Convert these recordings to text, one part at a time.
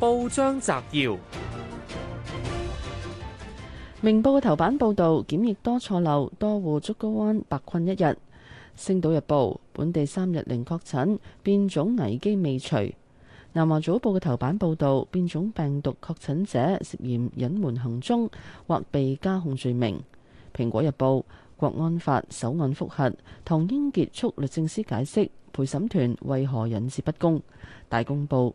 報章摘要：《明報》嘅頭版報道檢疫多錯漏，多戶竹篙灣白困一日。星島日報本地三日零確診，變種危機未除。南華早報嘅頭版報道變種病毒確診者涉嫌隱瞞行蹤，或被加控罪名。蘋果日報國安法首案覆核，唐英傑訴律政司解釋陪審團為何引致不公。大公報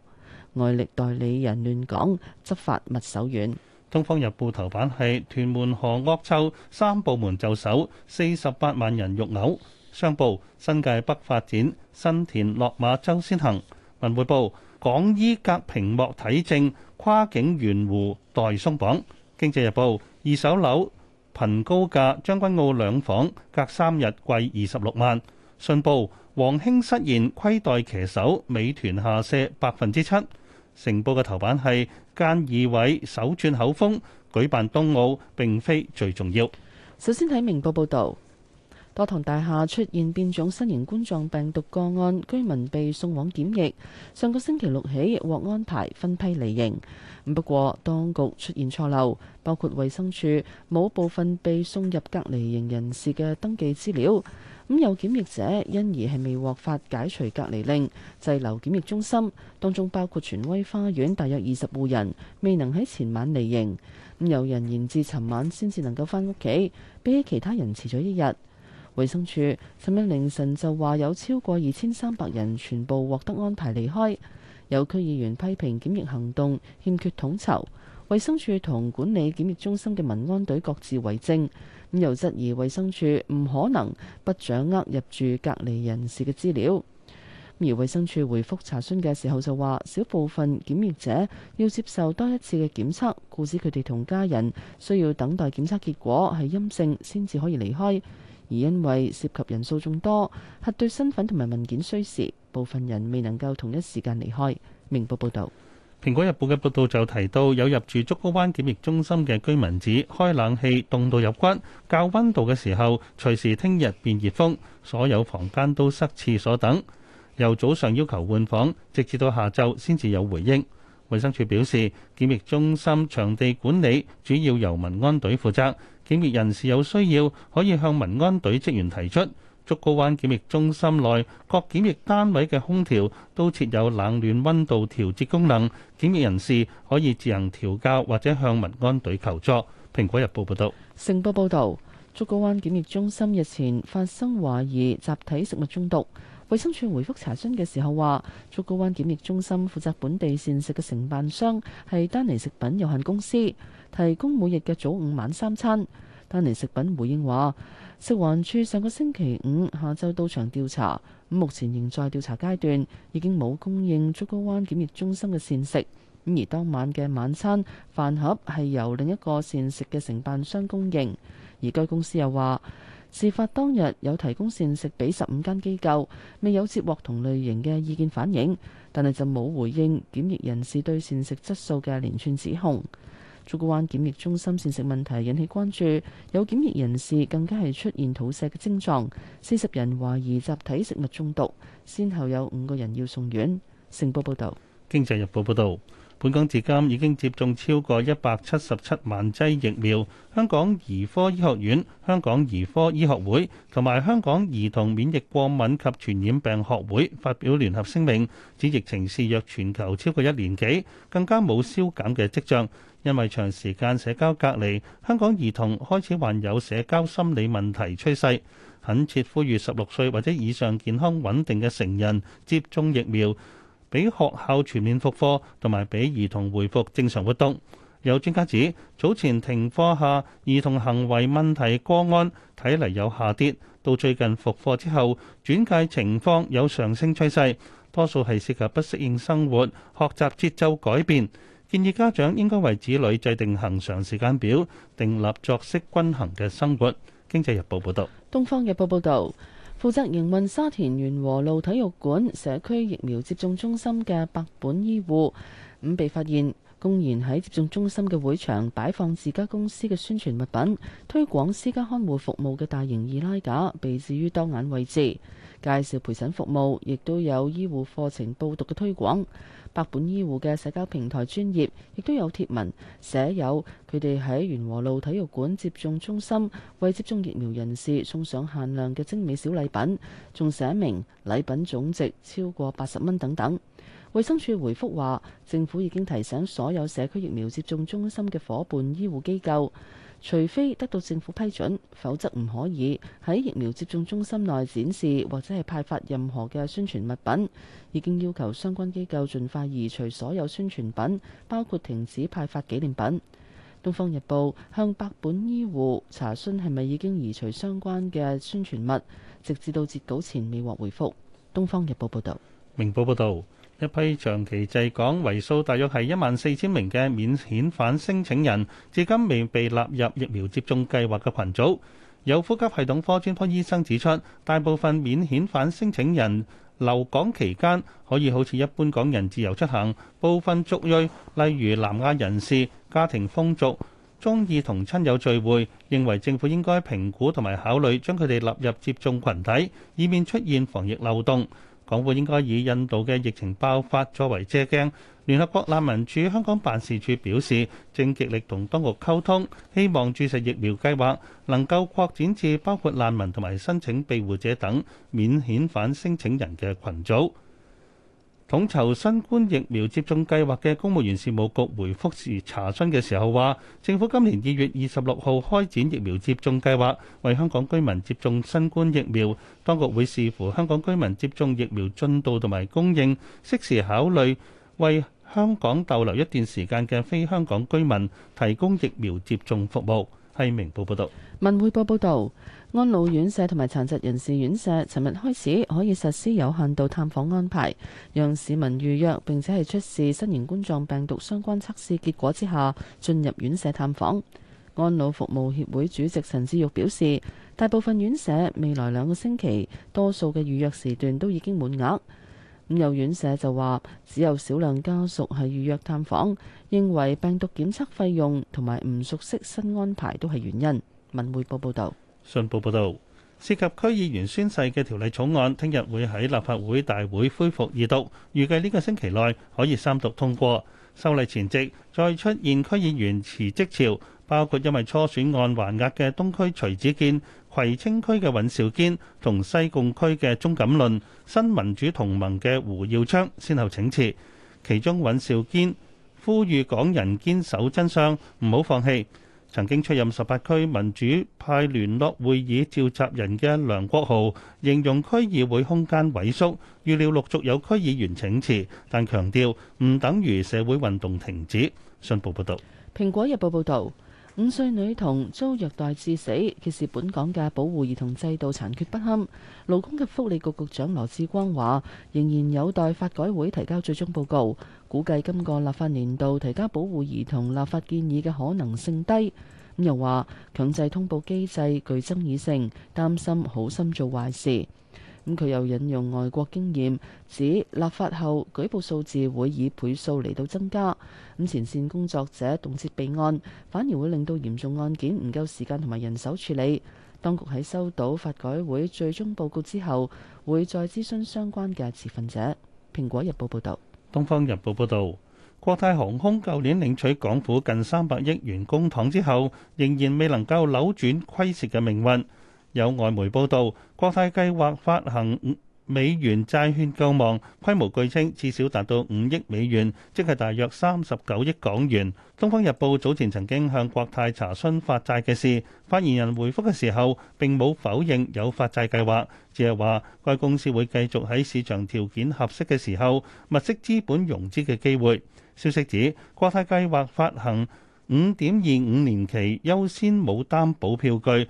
外力代理人亂港，執法勿手軟。《東方日報》頭版係屯門河惡臭，三部門就手，四十八萬人欲嘔。商報，新界北發展新田落馬洲先行。文匯報，港醫隔屏幕體證，跨境援護待鬆綁。《經濟日報》二手樓頻高價，將軍澳兩房隔三日貴二十六萬。信報，王興失言虧待騎手，美團下瀉百分之七。《成報》嘅頭版係：菅義偉首轉口風，舉辦東奧並非最重要。首先睇《明報》報道，多幢大廈出現變種新型冠狀病毒個案，居民被送往檢疫。上個星期六起獲安排分批離營，不過當局出現錯漏，包括衛生署冇部分被送入隔離營人士嘅登記資料。咁、嗯、有檢疫者因而係未獲發解除隔離令，滯留檢疫中心，當中包括荃威花園大約二十戶人未能喺前晚離營，咁、嗯、有人延至尋晚先至能夠翻屋企，比起其他人遲咗一日。衛生署尋日凌晨就話有超過二千三百人全部獲得安排離開。有區議員批評檢疫行動欠缺統籌。衛生署同管理檢疫中心嘅民安隊各自為政，咁又質疑衛生署唔可能不掌握入住隔離人士嘅資料。而衛生署回複查詢嘅時候就話，少部分檢疫者要接受多一次嘅檢測，故此佢哋同家人需要等待檢測結果，係陰性先至可以離開。而因為涉及人數眾多，核對身份同埋文件需時，部分人未能夠同一時間離開。明報報道。《蘋果日報》嘅報道就提到，有入住竹篙灣檢疫中心嘅居民指開冷氣凍到入骨，較温度嘅時候隨時聽日變熱風，所有房間都塞廁所等。由早上要求換房，直至到下晝先至有回應。衛生署表示，檢疫中心場地管理主要由民安隊負責，檢疫人士有需要可以向民安隊職員提出。竹篙灣檢疫中心內各檢疫單位嘅空調都設有冷暖溫度調節功能，檢疫人士可以自行調校或者向民安隊求助。蘋果日報報導，成報報導，竹篙灣檢疫中心日前發生懷疑集體食物中毒，衛生署回覆查詢嘅時候話，竹篙灣檢疫中心負責本地膳食嘅承辦商係丹尼食品有限公司，提供每日嘅早午晚三餐。丹尼食品回應話：食環署上個星期五下晝到場調查，目前仍在調查階段，已經冇供應竹篙灣檢疫中心嘅膳食。咁而當晚嘅晚餐飯盒係由另一個膳食嘅承辦商供應，而該公司又話，事發當日有提供膳食俾十五間機構，未有接獲同類型嘅意見反映，但係就冇回應檢疫人士對膳食質素嘅連串指控。竹篙灣檢疫中心膳食問題引起關注，有檢疫人士更加係出現肚瀉嘅症狀。四十人懷疑集體食物中毒，先後有五個人要送院。成報報導，《經濟日報》報導，本港至今已經接種超過一百七十七萬劑疫苗。香港兒科醫學院、香港兒科醫學會同埋香港兒童免疫過敏及傳染病學會發表聯合聲明，指疫情肆虐全球超過一年幾，更加冇消減嘅跡象。因為長時間社交隔離，香港兒童開始患有社交心理問題趨勢。懇切呼籲十六歲或者以上健康穩定嘅成人接種疫苗，俾學校全面復課，同埋俾兒童回復正常活動。有專家指，早前停課下兒童行為問題個案睇嚟有下跌，到最近復課之後轉介情況有上升趨勢，多數係涉及不適應生活、學習節奏改變。建議家長應該為子女制定恆常時間表，訂立作息均衡嘅生活。經濟日報報導，東方日報報導，負責營運沙田元和路體育館社區疫苗接種中心嘅白本醫護，咁被發現公然喺接種中心嘅會場擺放自家公司嘅宣傳物品，推廣私家看護服務嘅大型易拉架被置於當眼位置。介紹陪診服務，亦都有醫護課程報讀嘅推廣。百本醫護嘅社交平台專業，亦都有貼文寫有佢哋喺元和路體育館接種中心為接種疫苗人士送上限量嘅精美小禮品，仲寫明禮品總值超過八十蚊等等。衛生署回覆話，政府已經提醒所有社區疫苗接種中心嘅伙伴醫護機構，除非得到政府批准，否則唔可以喺疫苗接種中心內展示或者係派發任何嘅宣傳物品。已經要求相關機構盡快移除所有宣傳品，包括停止派發紀念品。東方日報向百本醫護查詢係咪已經移除相關嘅宣傳物，直至到截稿前未獲回覆。東方日報報道，明報報道。一批長期滯港、為數大約係一萬四千名嘅免遣返申請人，至今未被納入疫苗接種計劃嘅群組。有呼吸系統科專科醫生指出，大部分免遣返申請人留港期間可以好似一般港人自由出行。部分族裔，例如南亞人士、家庭風俗中意同親友聚會，認為政府應該評估同埋考慮將佢哋納入接種群體，以免出現防疫漏洞。港府應該以印度嘅疫情爆發作為借鏡。聯合國難民署香港辦事處表示，正極力同當局溝通，希望注射疫苗計劃能夠擴展至包括難民同埋申請庇護者等免遣返申請人嘅群組。統籌新冠疫苗接種計劃嘅公務員事務局回覆時查詢嘅時候話，政府今年二月二十六號開展疫苗接種計劃，為香港居民接種新冠疫苗。當局會視乎香港居民接種疫苗進度同埋供應，適時考慮為香港逗留一段時間嘅非香港居民提供疫苗接種服務。《明報》報導，《文匯報》報導，安老院舍同埋殘疾人士院舍，尋日開始可以實施有限度探訪安排，讓市民預約並且係出示新型冠狀病毒相關測試結果之下，進入院舍探訪。安老服務協會主席陳志玉表示，大部分院舍未來兩個星期，多數嘅預約時段都已經滿額。咁有院舍就話，只有少量家屬係預約探訪，認為病毒檢測費用同埋唔熟悉新安排都係原因。文匯報報道，信報報道，涉及區議員宣誓嘅條例草案，聽日會喺立法會大會恢復二讀，預計呢個星期內可以三讀通過。修例前夕再出現區議員辭職潮。包括因為初選案還押嘅東區徐子健、葵青區嘅尹兆堅同西貢區嘅鍾錦麟、新民主同盟嘅胡耀昌先後請辭。其中尹兆堅呼籲港人堅守真相，唔好放棄。曾經出任十八區民主派聯絡會議召集人嘅梁國豪形容區議會空間萎縮，預料陸續有區議員請辭，但強調唔等於社會運動停止。信報報道。《蘋果日報》報導。五歲女童遭虐待致死，揭示本港嘅保護兒童制度殘缺不堪。勞工及福利局局長羅致光話：仍然有待法改會提交最終報告，估計今個立法年度提交保護兒童立法建議嘅可能性低。又話強制通報機制具爭議性，擔心好心做壞事。咁佢又引用外國經驗，指立法後舉報數字會以倍數嚟到增加。咁前線工作者動輒備案，反而會令到嚴重案件唔夠時間同埋人手處理。當局喺收到法改會最終報告之後，會再諮詢相關嘅持份者。《蘋果日報》報導，《東方日報》報導，國泰航空舊年領取港府近三百億元公帑之後，仍然未能夠扭轉虧蝕嘅命運。有外媒報道，國泰計劃發行五美元債券救亡，規模據稱至少達到五億美元，即係大約三十九億港元。《東方日報》早前曾經向國泰查詢發債嘅事，發言人回覆嘅時候並冇否認有發債計劃，只係話該公司會繼續喺市場條件合適嘅時候物色資本融資嘅機會。消息指，國泰計劃發行五點二五年期優先冇擔保票據。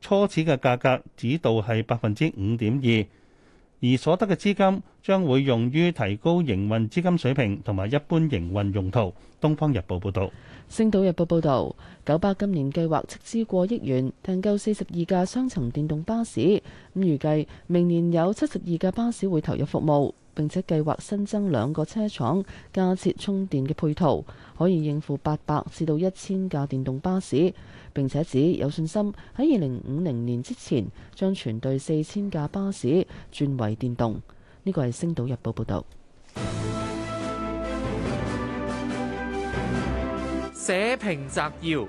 初始嘅價格指導係百分之五點二，而所得嘅資金將會用於提高營運資金水平同埋一般營運用途。《東方日報》報道，《星島日報》報道，九巴今年計劃斥資過億元訂購四十二架雙層電動巴士，咁預計明年有七十二架巴士會投入服務，並且計劃新增兩個車廠加設充電嘅配套，可以應付八百至到一千架電動巴士。並且指有信心喺二零五零年之前將全隊四千架巴士轉為電動。呢個係《星島日報》報導。社評摘要：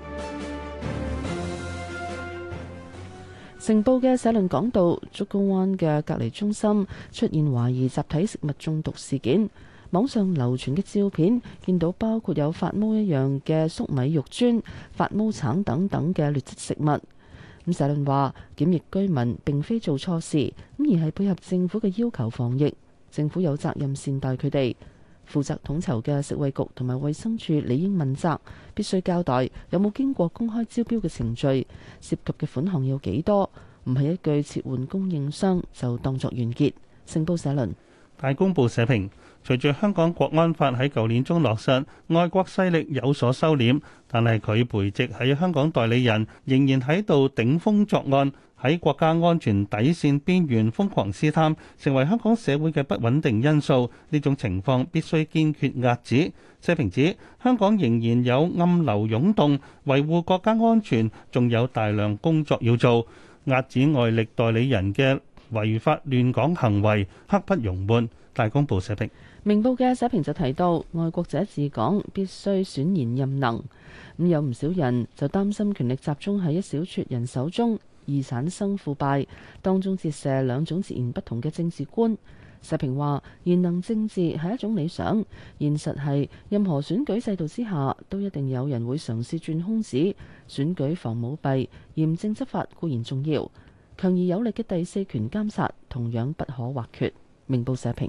成報嘅社論講到竹篙灣嘅隔離中心出現懷疑集體食物中毒事件。網上流傳嘅照片見到，包括有發毛一樣嘅粟米肉磚、發毛橙等等嘅劣質食物。咁社論話，檢疫居民並非做錯事，咁而係配合政府嘅要求防疫。政府有責任善待佢哋，負責統籌嘅食衛局同埋衛生署理應問責，必須交代有冇經過公開招標嘅程序，涉及嘅款項有幾多，唔係一句撤換供應商就當作完結。成報社論。大公報社評。隨住香港國安法喺舊年中落實，外國勢力有所收斂，但係佢培植喺香港代理人仍然喺度頂風作案，喺國家安全底線邊緣瘋狂試探，成為香港社會嘅不穩定因素。呢種情況必須堅決遏止。社評指香港仍然有暗流湧動，維護國家安全仲有大量工作要做，遏止外力代理人嘅違法亂港行為，刻不容緩。大公報社評。明報嘅社評就提到，愛國者治港必須選賢任能。咁有唔少人就擔心權力集中喺一小撮人手中而產生腐敗，當中折射兩種截然不同嘅政治觀。社評話賢能政治係一種理想，現實係任何選舉制度之下都一定有人會嘗試鑽空子，選舉防舞弊。嚴正執法固然重要，強而有力嘅第四權監察同樣不可或缺。明報社評。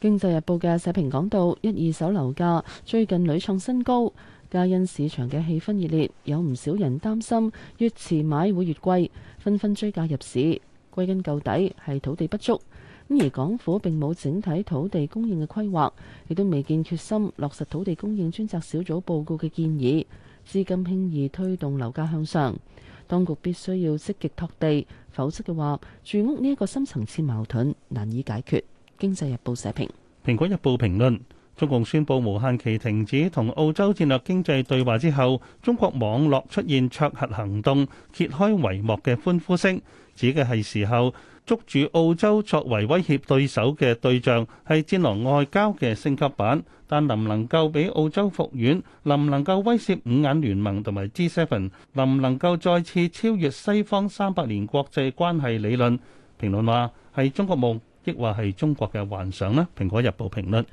經濟日報嘅社評講到，一二手樓價最近屢創新高，皆因市場嘅氣氛熱烈，有唔少人擔心越遲買會越貴，紛紛追價入市。歸根究底係土地不足，咁而港府並冇整體土地供應嘅規劃，亦都未見決心落實土地供應專責小組報告嘅建議，資金輕易推動樓價向上。當局必須要積極拓地，否則嘅話，住屋呢一個深層次矛盾難以解決。《經濟日報》社評，《蘋果日報》評論：中共宣布無限期停止同澳洲戰略經濟對話之後，中國網絡出現撮核行動揭開帷幕嘅歡呼聲，指嘅係時候捉住澳洲作為威脅對手嘅對象係戰狼外交嘅升級版，但能唔能夠俾澳洲復原，能唔能夠威脅五眼聯盟同埋 G7，能唔能夠再次超越西方三百年國際關係理論？評論話係中國夢。亦話係中國嘅幻想啦，《蘋果日報》評論。